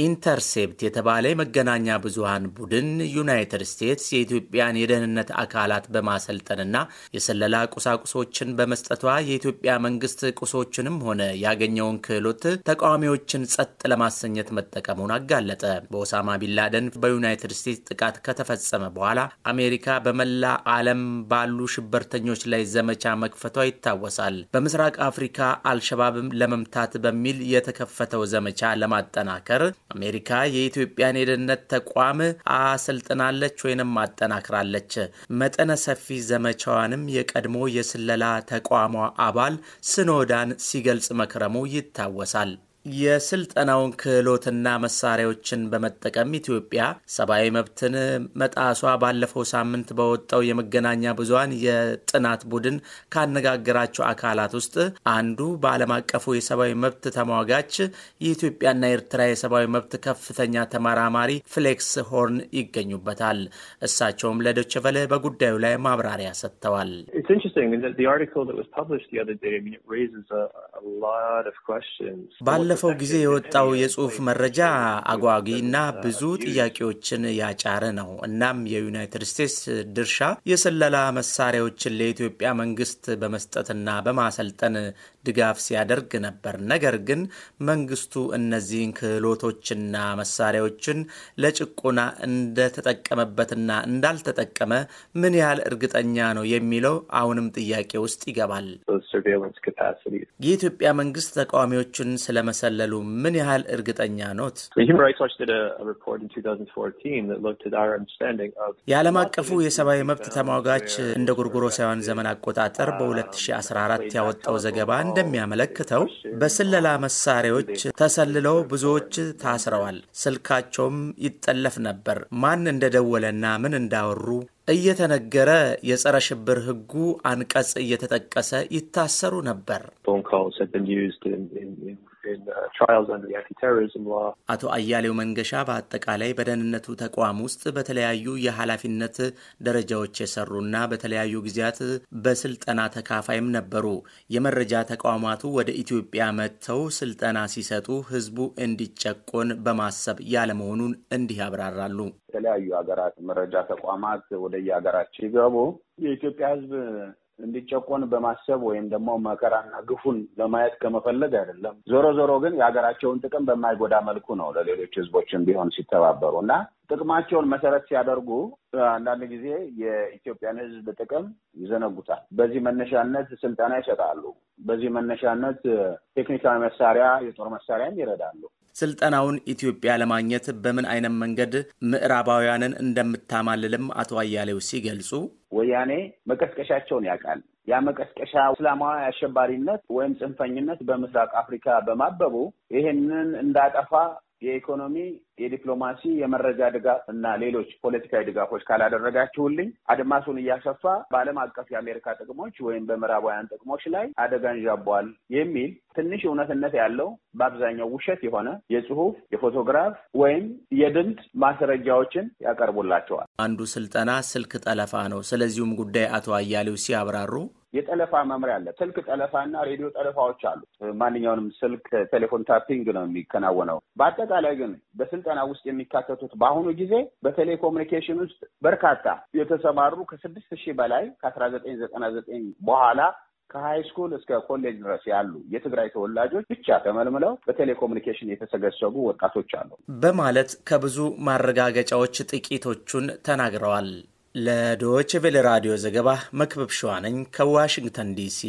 ኢንተርሴፕት የተባለ የመገናኛ ብዙሃን ቡድን ዩናይትድ ስቴትስ የኢትዮጵያን የደህንነት አካላት በማሰልጠንና የስለላ ቁሳቁሶችን በመስጠቷ የኢትዮጵያ መንግስት ቁሶችንም ሆነ ያገኘውን ክህሎት ተቃዋሚዎችን ጸጥ ለማሰኘት መጠቀሙን አጋለጠ። በኦሳማ ቢንላደን በዩናይትድ ስቴትስ ጥቃት ከተፈጸመ በኋላ አሜሪካ በመላ ዓለም ባሉ ሽበርተኞች ላይ ዘመቻ መክፈቷ ይታወሳል። በምስራቅ አፍሪካ አልሸባብም ለመምታት በሚል የተከፈተው ዘመቻ ለማጠናከር አሜሪካ የኢትዮጵያን የደህንነት ተቋም አሰልጥናለች ወይንም አጠናክራለች። መጠነ ሰፊ ዘመቻዋንም የቀድሞ የስለላ ተቋሟ አባል ስኖዳን ሲገልጽ መክረሙ ይታወሳል። የስልጠናውን ክህሎትና መሳሪያዎችን በመጠቀም ኢትዮጵያ ሰብአዊ መብትን መጣሷ ባለፈው ሳምንት በወጣው የመገናኛ ብዙሀን የጥናት ቡድን ካነጋገራቸው አካላት ውስጥ አንዱ በዓለም አቀፉ የሰብአዊ መብት ተሟጋች የኢትዮጵያና ኤርትራ የሰብአዊ መብት ከፍተኛ ተመራማሪ ፍሌክስ ሆርን ይገኙበታል። እሳቸውም ለዶችቨለ በጉዳዩ ላይ ማብራሪያ ሰጥተዋል። ባለ ባለፈው ጊዜ የወጣው የጽሁፍ መረጃ አጓጊ እና ብዙ ጥያቄዎችን ያጫረ ነው። እናም የዩናይትድ ስቴትስ ድርሻ የስለላ መሳሪያዎችን ለኢትዮጵያ መንግስት በመስጠትና በማሰልጠን ድጋፍ ሲያደርግ ነበር። ነገር ግን መንግስቱ እነዚህን ክህሎቶችና መሳሪያዎችን ለጭቆና እንደተጠቀመበትና እንዳልተጠቀመ ምን ያህል እርግጠኛ ነው የሚለው አሁንም ጥያቄ ውስጥ ይገባል። የኢትዮጵያ መንግስት ተቃዋሚዎችን ስለመ ሰለሉ ምን ያህል እርግጠኛ ኖት? የዓለም አቀፉ የሰብአዊ መብት ተሟጋች እንደ ጎርጎሮሳውያን ዘመን አቆጣጠር በ2014 ያወጣው ዘገባ እንደሚያመለክተው በስለላ መሳሪያዎች ተሰልለው ብዙዎች ታስረዋል። ስልካቸውም ይጠለፍ ነበር። ማን እንደደወለና ምን እንዳወሩ እየተነገረ የጸረ ሽብር ሕጉ አንቀጽ እየተጠቀሰ ይታሰሩ ነበር። አቶ አያሌው መንገሻ በአጠቃላይ በደህንነቱ ተቋም ውስጥ በተለያዩ የኃላፊነት ደረጃዎች የሰሩና በተለያዩ ጊዜያት በስልጠና ተካፋይም ነበሩ። የመረጃ ተቋማቱ ወደ ኢትዮጵያ መጥተው ስልጠና ሲሰጡ ሕዝቡ እንዲጨቆን በማሰብ ያለመሆኑን እንዲህ ያብራራሉ። የተለያዩ ሀገራት መረጃ ተቋማት ወደ የሀገራቸው ይገቡ የኢትዮጵያ ሕዝብ እንዲጨቆን በማሰብ ወይም ደግሞ መከራና ግፉን ለማየት ከመፈለግ አይደለም። ዞሮ ዞሮ ግን የሀገራቸውን ጥቅም በማይጎዳ መልኩ ነው ለሌሎች ህዝቦችን ቢሆን ሲተባበሩ እና ጥቅማቸውን መሰረት ሲያደርጉ አንዳንድ ጊዜ የኢትዮጵያን ህዝብ ጥቅም ይዘነጉታል። በዚህ መነሻነት ስልጠና ይሰጣሉ። በዚህ መነሻነት ቴክኒካዊ መሳሪያ፣ የጦር መሳሪያም ይረዳሉ። ስልጠናውን ኢትዮጵያ ለማግኘት በምን አይነት መንገድ ምዕራባውያንን እንደምታማልልም አቶ አያሌው ሲገልጹ ወያኔ መቀስቀሻቸውን ያውቃል። ያ መቀስቀሻ እስላማዊ አሸባሪነት ወይም ጽንፈኝነት በምስራቅ አፍሪካ በማበቡ ይህንን እንዳጠፋ የኢኮኖሚ፣ የዲፕሎማሲ፣ የመረጃ ድጋፍ እና ሌሎች ፖለቲካዊ ድጋፎች ካላደረጋችሁልኝ አድማሱን እያሰፋ በዓለም አቀፍ የአሜሪካ ጥቅሞች ወይም በምዕራባውያን ጥቅሞች ላይ አደጋ እንዣቧል የሚል ትንሽ እውነትነት ያለው በአብዛኛው ውሸት የሆነ የጽሁፍ፣ የፎቶግራፍ ወይም የድምፅ ማስረጃዎችን ያቀርቡላቸዋል። አንዱ ስልጠና ስልክ ጠለፋ ነው። ስለዚሁም ጉዳይ አቶ አያሌው ሲያብራሩ የጠለፋ መምሪያ አለ። ስልክ ጠለፋና ሬዲዮ ጠለፋዎች አሉ። ማንኛውንም ስልክ ቴሌፎን ታፒንግ ነው የሚከናወነው። በአጠቃላይ ግን በስልጠና ውስጥ የሚካተቱት በአሁኑ ጊዜ በቴሌኮሙኒኬሽን ውስጥ በርካታ የተሰማሩ ከስድስት ሺህ በላይ ከአስራ ዘጠኝ ዘጠና ዘጠኝ በኋላ ከሀይ ስኩል እስከ ኮሌጅ ድረስ ያሉ የትግራይ ተወላጆች ብቻ ተመልምለው በቴሌኮሙኒኬሽን የተሰገሰጉ ወጣቶች አሉ በማለት ከብዙ ማረጋገጫዎች ጥቂቶቹን ተናግረዋል። ለዶች ቬለ ራዲዮ ዘገባ መክበብ ሸዋነኝ ከዋሽንግተን ዲሲ